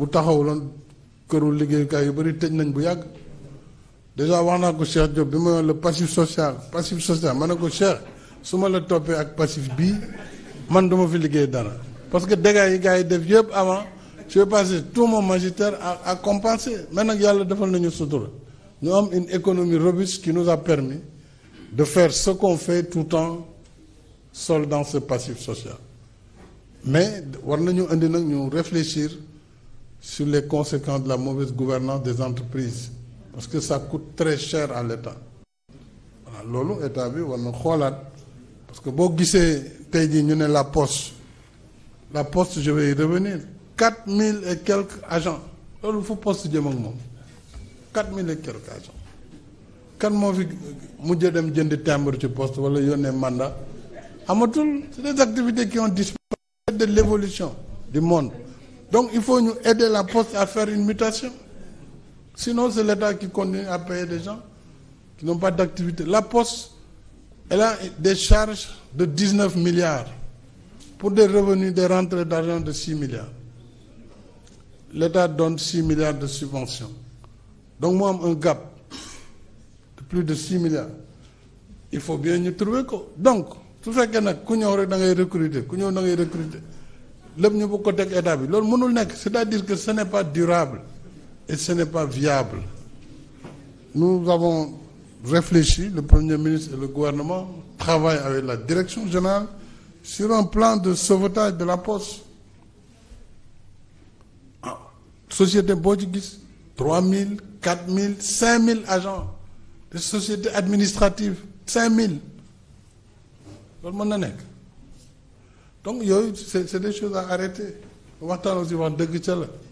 bu taxaw loon këru liggéeyukaay yu bëri tëj nañ bu yàgg dèjà wax naa ko Cheikh Diop bi ma yoon la passif social passif social ma ne ko Cheikh su ma la toppee ak passif bii man duma fi liggéey dara parce que dégâts yi gars yi def yëpp avant j'ai passé tout mon magistère à à compenser mais nag yàlla defal nañu sutura ñu am une économie robuste qui nous a permis de faire ce qu'on fait tout en soldant ce passif social mais war nañu indi nag ñu réfléchir su les conséquences de la mauvaise gouvernance des entreprises parce que ça coûte très cher à l'État waaw loolu état bi war na xoolaat parce que boo gisee tey jii ñu ne la poste la poste je vais y revenir quatre mille et quelques agent loolu fu poste jëm ak moom quatre mille et quelques agents kan moo fi mujjee dem jënd timbre ci poste wala yónnee mandat amatul c'est des activités qui ont disparu de l'évolution du monde donc il faut ñu aider la poste à faire une mutation sinon c'est l'État qui continue à payer des gens qui n'ont pas d'activité la poste elle a des charges de dix 19 milliards pour des revenus des rentrées d'argent de 6 milliards l'État donne six milliards de subvention donc moo am un gap de plus de six milliards il faut bien ñu trouver ko donc su fekkee nag ku ñëw rek da ngay recruter ku ñëw da ngay recruter lépp ñu bëgg ko teg état bi loolu mënul nekk c'est-à-dire que ce n'est pas durable et ce n'est pas viable nous avons réfléchi le premier ministre et le gouvernement travaillent avec la direction générale sur un plan de sauvetage de la poste ah société boo ci gis trois mille quatre mille cinq mille agents de société administrative cinq mille loolu mën na nekk donc yooyu c'est c'est des choses à arrêter waxtaan wax dëgg ca la